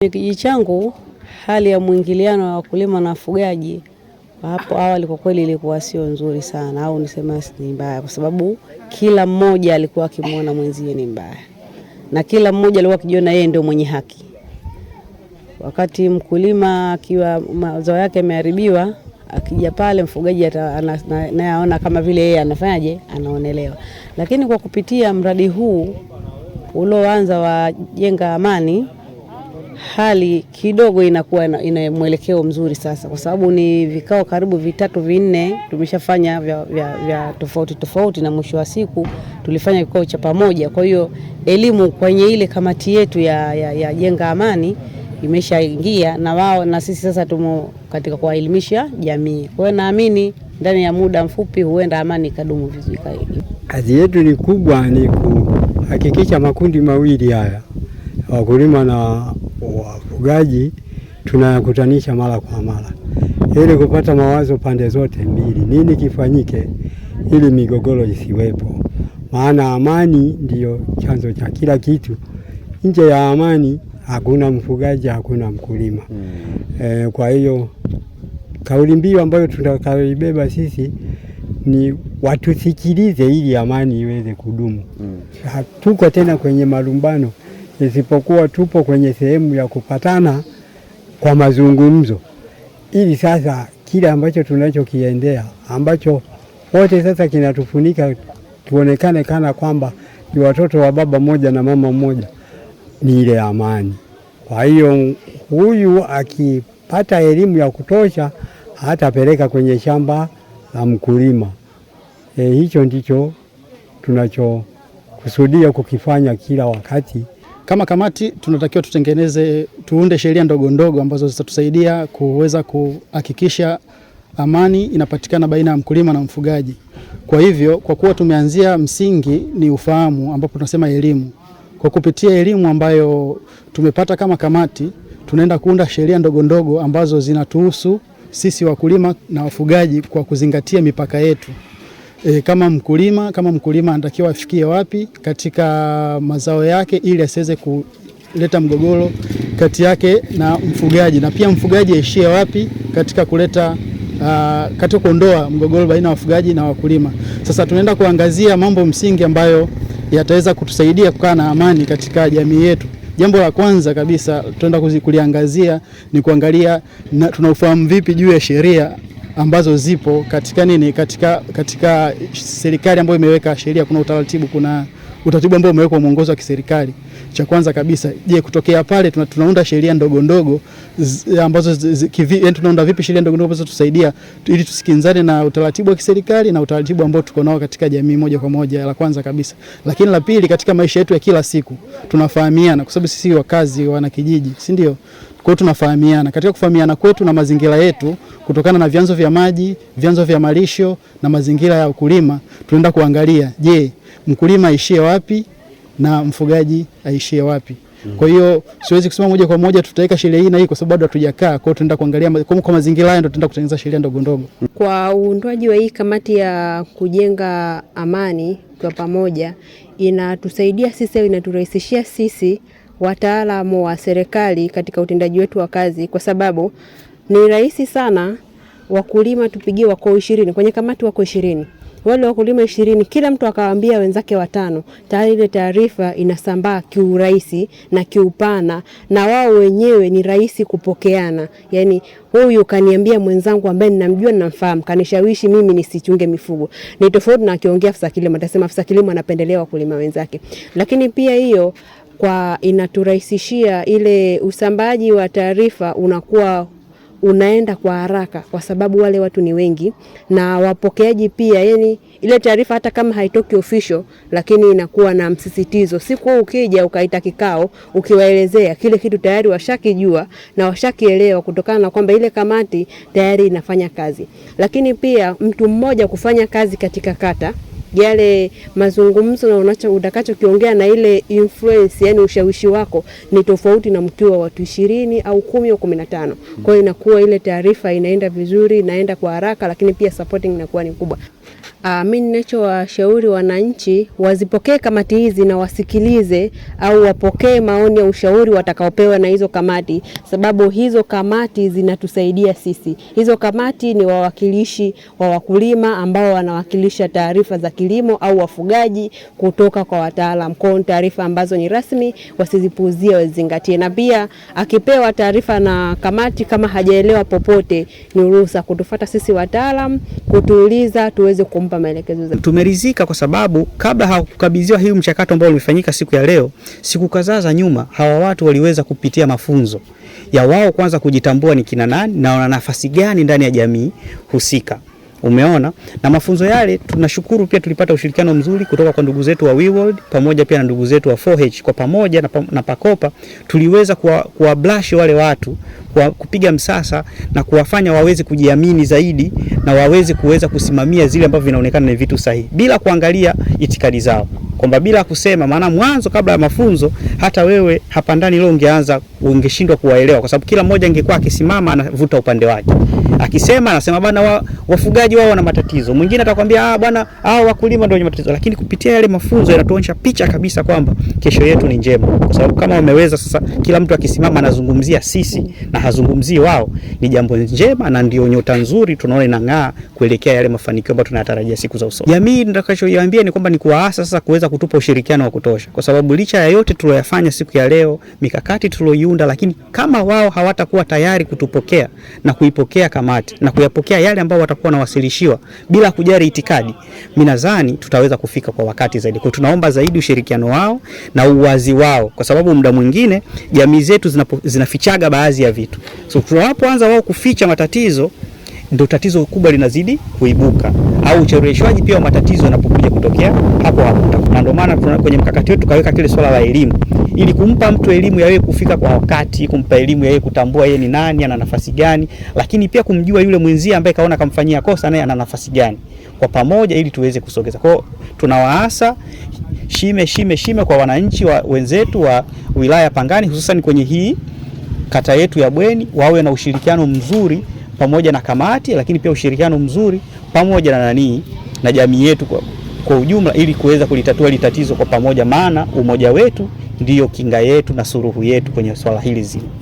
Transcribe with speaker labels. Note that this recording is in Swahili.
Speaker 1: Kwenye kijiji changu hali ya mwingiliano wa wakulima na wafugaji hapo awali kwa kweli ilikuwa sio nzuri sana, au niseme ni mbaya, kwa sababu kila mmoja alikuwa akimwona mwenzie ni mbaya na kila mmoja alikuwa akijiona yeye ndio mwenye haki. Wakati mkulima akiwa mazao yake yameharibiwa, akija pale mfugaji naye aona kama vile yeye anafanyaje, anaonelewa. Lakini kwa kupitia mradi huu ulioanza wa Jenga Amani hali kidogo inakuwa ina, ina mwelekeo mzuri sasa, kwa sababu ni vikao karibu vitatu vinne tumeshafanya vya, vya, vya tofauti tofauti, na mwisho wa siku tulifanya kikao cha pamoja. Kwa hiyo elimu kwenye ile kamati yetu ya, ya, ya jenga amani imeshaingia na wao na sisi sasa tumo katika kuwaelimisha jamii. Kwa hiyo naamini ndani ya muda mfupi huenda amani ikadumu vizuri zaidi.
Speaker 2: Kazi yetu ni kubwa, ni kuhakikisha makundi mawili haya, wakulima na wafugaji tunakutanisha mara kwa mara ili kupata mawazo pande zote mbili, nini kifanyike ili migogoro isiwepo. Maana amani ndiyo chanzo cha kila kitu. Nje ya amani hakuna mfugaji, hakuna mkulima mm. E, kwa hiyo kauli mbiu ambayo tunakaibeba sisi ni watusikilize, ili amani iweze kudumu mm. Hatuko tena kwenye malumbano isipokuwa tupo kwenye sehemu ya kupatana kwa mazungumzo, ili sasa kile ambacho tunachokiendea ambacho wote sasa kinatufunika tuonekane kana kwamba ni watoto wa baba mmoja na mama mmoja, ni ile amani. Kwa hiyo huyu akipata elimu ya kutosha hatapeleka kwenye shamba la mkulima. E, hicho ndicho tunachokusudia kukifanya kila wakati.
Speaker 3: Kama kamati tunatakiwa tutengeneze, tuunde sheria ndogo ndogo ambazo zitatusaidia kuweza kuhakikisha amani inapatikana baina ya mkulima na mfugaji. Kwa hivyo, kwa kuwa tumeanzia msingi ni ufahamu, ambapo tunasema elimu. Kwa kupitia elimu ambayo tumepata kama kamati, tunaenda kuunda sheria ndogo ndogo ambazo zinatuhusu sisi wakulima na wafugaji kwa kuzingatia mipaka yetu. E, kama mkulima kama mkulima anatakiwa afikie wapi katika mazao yake ili asiweze kuleta mgogoro kati yake na mfugaji, na pia mfugaji aishie wapi katika kuleta uh, katika kuondoa mgogoro baina ya wafugaji na wakulima. Sasa tunaenda kuangazia mambo msingi ambayo yataweza kutusaidia kukaa na amani katika jamii yetu. Jambo la kwanza kabisa tunaenda kuliangazia ni kuangalia na, tunaufahamu vipi juu ya sheria ambazo zipo katika nini, katika, katika serikali ambayo imeweka sheria, kuna utaratibu, kuna utaratibu ambao umewekwa mwongozo wa kiserikali. Cha kwanza kabisa, je, kutokea pale tuna, tunaunda sheria ndogo ndogo ambazo yani, tunaunda vipi sheria ndogo ndogo ambazo tusaidia ili tusikinzane na utaratibu wa kiserikali na utaratibu ambao tuko nao katika jamii moja kwa moja, la kwanza kabisa. Lakini la pili, katika maisha yetu ya kila siku tunafahamiana, kwa sababu sisi wakazi wana kijiji, si ndio? Kwa hiyo tunafahamiana. Katika kufahamiana kwetu na mazingira yetu, kutokana na vyanzo vya maji, vyanzo vya malisho na mazingira ya ukulima, tunaenda kuangalia, je, mkulima aishie wapi na mfugaji aishie wapi? Kwa hiyo siwezi kusema moja kwa moja tutaweka sheria hii na hii kwa sababu bado hatujakaa. Kwa hiyo tunaenda kuangalia kwa mazingira haya ndio tunaenda kutengeneza sheria ndogo ndogo.
Speaker 4: Kwa uundwaji wa hii kamati ya kujenga amani kwa pamoja, inatusaidia sisi au inaturahisishia sisi wataalamu wa serikali katika utendaji wetu wa kazi, kwa sababu ni rahisi sana wakulima tupigie wako ishirini kwenye kamati, wako ishirini wale wakulima ishirini, kila mtu akawaambia wenzake watano, tayari ile taarifa inasambaa kiurahisi na kiupana, na wao wenyewe ni rahisi kupokeana. Yani, huyu kaniambia mwenzangu ambaye ninamjua ninamfahamu, kanishawishi mimi nisichunge mifugo. Ni tofauti na akiongea afisa kilimo, atasema afisa kilimo anapendelea wakulima wenzake, lakini pia hiyo kwa inaturahisishia ile usambaji wa taarifa unakuwa unaenda kwa haraka kwa sababu wale watu ni wengi na wapokeaji pia, yani ile taarifa hata kama haitoki official, lakini inakuwa na msisitizo. Siku ukija ukaita kikao, ukiwaelezea kile kitu tayari washakijua na washakielewa kutokana na kwamba ile kamati tayari inafanya kazi. Lakini pia mtu mmoja kufanya kazi katika kata yale mazungumzo na unacho utakachokiongea na ile influence, yani ushawishi wako ni tofauti na mkiwa watu ishirini au kumi au kumi na tano. Kwa hiyo inakuwa ile taarifa inaenda vizuri, inaenda kwa haraka, lakini pia supporting inakuwa ni kubwa. Uh, mi ninachowashauri wananchi wazipokee kamati hizi na wasikilize au wapokee maoni ya ushauri watakaopewa na hizo kamati, sababu hizo kamati zinatusaidia sisi. Hizo kamati ni wawakilishi wa wakulima ambao wanawakilisha taarifa za kilimo au wafugaji kutoka kwa wataalam. Kwa hiyo taarifa ambazo ni rasmi wasizipuuzie, wazingatie, na pia akipewa taarifa na kamati kama hajaelewa popote, ni ruhusa kutufata sisi wataalam, kutuuliza tuweze kum kumpa maelekezo zaidi.
Speaker 5: Tumeridhika kwa sababu kabla hawakukabidhiwa hii mchakato ambao umefanyika siku ya leo, siku kadhaa za nyuma hawa watu waliweza kupitia mafunzo ya wao kwanza kujitambua ni kina nani na wana nafasi gani ndani ya jamii husika. Umeona, na mafunzo yale tunashukuru pia tulipata ushirikiano mzuri kutoka kwa ndugu zetu wa WeWorld pamoja pia na ndugu zetu wa 4H kwa pamoja na, na Pakopa tuliweza kuwa, kuwa wale watu kwa kupiga msasa na kuwafanya waweze kujiamini zaidi na waweze kuweza kusimamia zile ambavyo vinaonekana ni vitu sahihi bila kuangalia itikadi zao kwamba bila kusema, maana mwanzo kabla ya mafunzo hata wewe hapa ndani leo ungeanza ungeshindwa kuwaelewa, kwa sababu kila mmoja angekuwa akisimama anavuta upande wake akisema anasema bana wa, wafugaji wao wana matatizo. Mwingine atakwambia ah, bwana hao wakulima ndio wenye matatizo, lakini kupitia yale mafunzo yanatuonyesha picha kabisa kwamba kesho yetu ni njema, kwa sababu kama wameweza sasa, kila mtu akisimama anazungumzia sisi na hazungumzii wao, ni jambo njema na ndio nyota nzuri tunaona inang'aa kuelekea yale mafanikio ambayo tunayatarajia siku za usoni. Jamii nitakachoiambia ni kwamba ni kuwaasa sasa kuweza kutupa ushirikiano wa kutosha, kwa sababu licha ya yote tuloyafanya siku ya leo, mikakati tuloiunda, lakini kama wao hawatakuwa tayari kutupokea na kuipokea kama kamati na kuyapokea yale ambayo watakuwa wanawasilishiwa bila kujali itikadi, mimi nadhani tutaweza kufika kwa wakati zaidi. Kwa tunaomba zaidi ushirikiano wao na uwazi wao, kwa sababu muda mwingine jamii zetu zinapo, zinafichaga baadhi ya vitu, so tunapoanza wao kuficha matatizo ndio tatizo kubwa linazidi kuibuka au ucheleweshwaji pia wa matatizo yanapokuja kutokea hapo hapo, na ndio maana kwenye mkakati wetu tukaweka kile swala la elimu ili kumpa mtu elimu ya yeye kufika kwa wakati, kumpa elimu ya yeye kutambua yeye ni nani, ana nafasi gani, lakini pia kumjua yule mwenzie ambaye kaona kamfanyia kosa, naye ana nafasi gani, kwa pamoja ili tuweze kusogeza. Kwa tunawaasa shime shime shime kwa wananchi wa wenzetu wa wilaya Pangani, hususan kwenye hii kata yetu ya Bweni, wawe na ushirikiano mzuri pamoja na kamati, lakini pia ushirikiano mzuri pamoja na nani na jamii yetu kwa kwa ujumla ili kuweza kulitatua hili tatizo kwa pamoja, maana umoja wetu ndiyo kinga yetu na suluhu yetu kwenye swala hili zima.